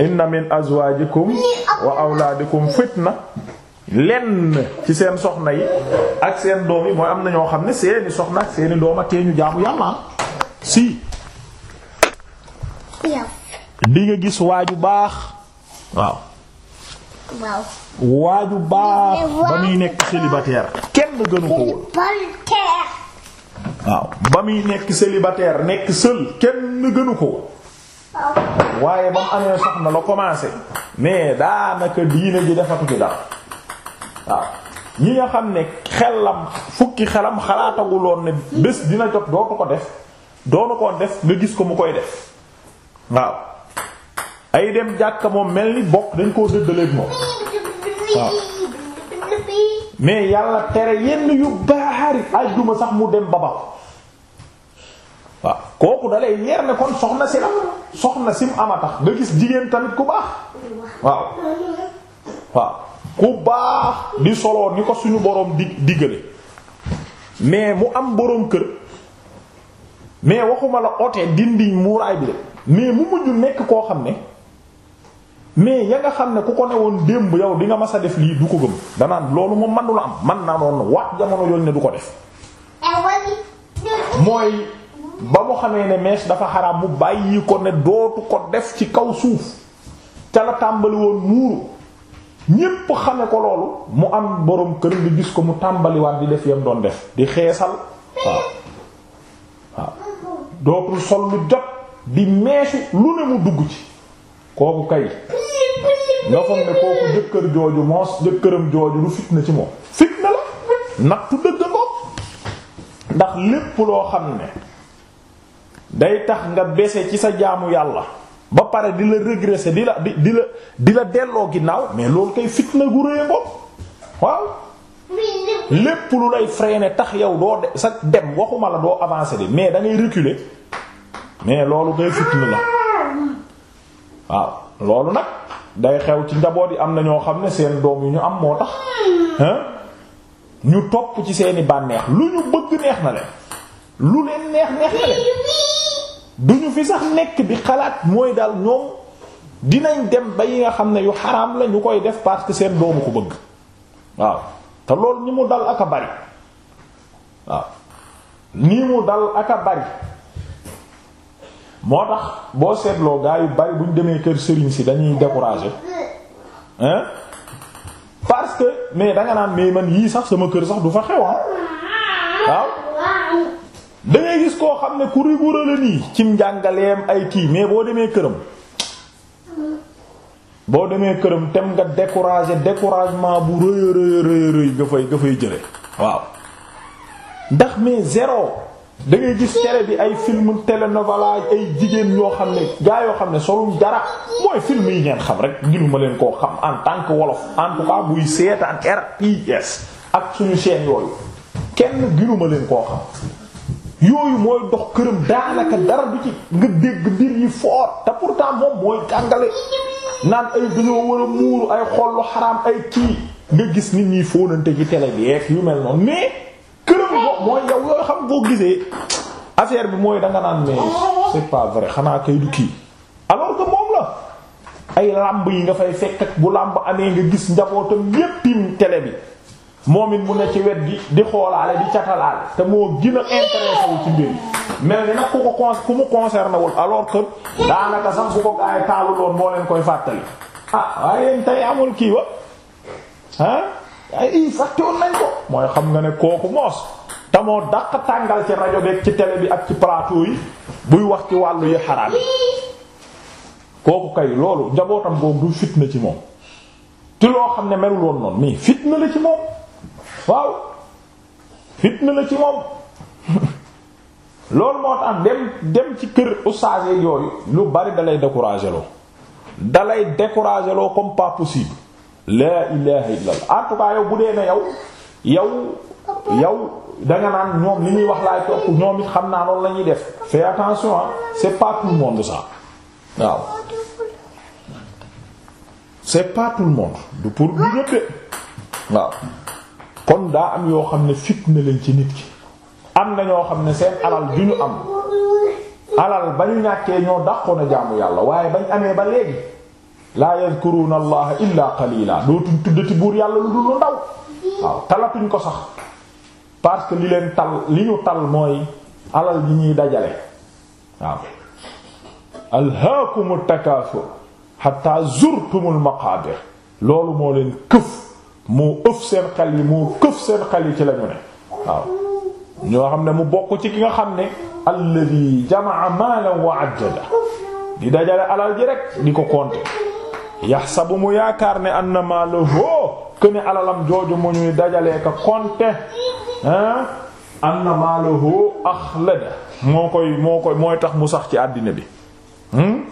inna min azwaajikum wa awlaadikum fitna lenn ci seen soxna yi ak seen doom yi mooy am na ñoo xam ne seeni soxna ak seeni doom a tee ñu jaamu yàlla si di nga gis waaju baax waaw waaju baax ba muy nekk célibataire kenn gënu ko woon waaw ba muy nekk célibataire nekk seul kenn gënu ko waaye ba mu amee na la commencé mais daanaka diine ji defatu ci dara waaw ñi nga xam ne xelam fukki xelam xalaataguloon ne bés dina jot doo ko def doonu ko def nga gis ko mu koy def waaw ay dem jàkka moom mel ni bokk dañ koo dëddaleek moom waaw mais yàlla tere yenn yu baari àjjuma sax mu dem ba waaw kooku dalay leer ne kon soxna si la soxna am a tax nga gis jigéen tamit ku baax waaw waaw ku baax di soloo ni ko suñu boroom di diggale mais mu am boroom kër mais waxuma la ote dindiñ muuraay bi de mu nekk koo xam ne mais ya nga xam ne ku ko ne woon démb yow di nga mas a def lii du ko gëm danaan loolu moom manula am man naa noon waat jamono yoon ne du ko def eh, mooy ba mu xamee ne mees dafa xaraam mu bàyyi ko ne dootu ko def ci kaw suuf ca la tàmbali woon muuru ñépp xame ko loolu mu am boroom kër bi gis ko mu tàmbaliwaat di def yam doon def di xeesal waaw waaw dootul sol lu jot di meesu lu ne mu dugg ci kooku kay nga foog ne kooku jëkkër jooju moos jëkkëram jooju lu fitna ci moom fitna la nattu dëgg ko ndax lépp loo xam ne day tax nga bese ci sa jaamu yàlla ba pare di la régresser di la di di la di la delloo ginnaaw mais loolu kay fitna gu rëy ngoog waaw lépp lu lay freiner tax yow doo de sa dem waxuma la doo avancer de mais da ngay reculer mais loolu kay fitna la waaw loolu nag day xew ci njaboot yi am na ñoo xam ne seen doom yu ñu am moo tax ñu topp ci seeni bànneex lu ñu bëgg neex na leen lu leen neex neex na leen duñu fi sax nekk bi xalaat mooy dal ñoom dinañ dem ba yi nga xam ne yu xaraam la ñu koy def parce que seen doomu ko bëgg waaw te loolu ni mu dal aka a bari waaw nii mu dal ak bari moo tax boo seetloo gaa yu bari bu ñu demee kër sëriñ si dañuy décourager hein parce que mais danga naan mais man yii sax sama kër sax du fa xew ah. waaw da gis koo xam ne ku rigoureux la nii cim njàngaleem ay kii mais boo demee këram boo demee këram tem nga découragé découragement bu rëy rëy rëy rëy nga fay nga fay jële waaw ndax mais zéro da ngay gis télé bi ay film télénovela ay jigéen yoo xam ne gaa yoo xam ne solum dara mooy film yi ngeen xam rek ginuma leen koo xam en tant que wolof en tout cas buy seetaan RTS ak suñu chaîne yooyu kenn ginuma leen koo xam yooyu mooy dox këram daanaka dara du ci nga dégg mbir yi fort te pourtant moom mooy jàngale naan ay dañoo war a muuru ay xollu xaraam ay kii nga gis nit ñi fóonante ci télé bi yeeg yu mel noonu mais këram bo mooy yow yooyu xam boo gisee affaire bi mooy danga naan mais c'est pas vrai xanaa kay du kii alors que moom la ay làmb yi nga fay fekk ak bu làmb amee nga gis njabootam yépp télé bi moom it mu ne ci wet gi di xoolaale di catalaale te moo gën a intéressé wu ci mel ni nag ku ko con ku mu concerné wul alors que daanaka sax bu ko gaa taalu loon moo leen koy fàttali. ah waaye tey amul kii wa ah ay fàtte woon nañ ko mooy xam nga ne kooku moos te moo dàq tàngal ci rajo beeg ci télé bi ak ci plateau yi buy wax ci wàllu yi xaraam kooku kay loolu njabootam googu du fitna ci moom. te loo xam ne melul woon noonu nii fitna ci moom. waaw na la ci moom loolu moo tax dem dem ci kër oustaz yooyu lu bari dalay décourager loo dalay décourager loo comme pas possible la ilaha illallah en tout yow bu dee ne yow yow yow danga naan ñoom li ñuy wax laay topp ñoom it xam naa lool lañuy def fais attention ah c'est pas tout le monde ça waaw c'est pas tout monde du pour du ñépp waaw kon daa am yoo xam ne fitna leen ci nit ki am na ñoo xam ne seen alal ju ñu am alal ba ñu ñàkkee ñoo dàqoon a yàlla waaye bañ amee ba léegi laa yadkuruna allaha illa qalila dootuñ tuddati buur yàlla lu dul lu ndaw talatuñ ko sax parce que li leen tal li ñu tal mooy alal ji ñuy dajale waaw alhaakumu takaasur hatta zurtumul maqaabir loolu moo leen këf moo ëf seen xel yi moo këf seen xel yi ci lañu ne waaw ñoo xam ne mu bokk ci ki nga xam ne alladi jamaa maalan wa ajjada di dajale alal ji rek di ko compter yaxsabu mu yaakaar ne anna maalahu këne alalam jooju mu ñuy dajalee ka compter hein anna maalahu axlada moo koy moo koy mooy tax mu sax ci àddina bi hmm?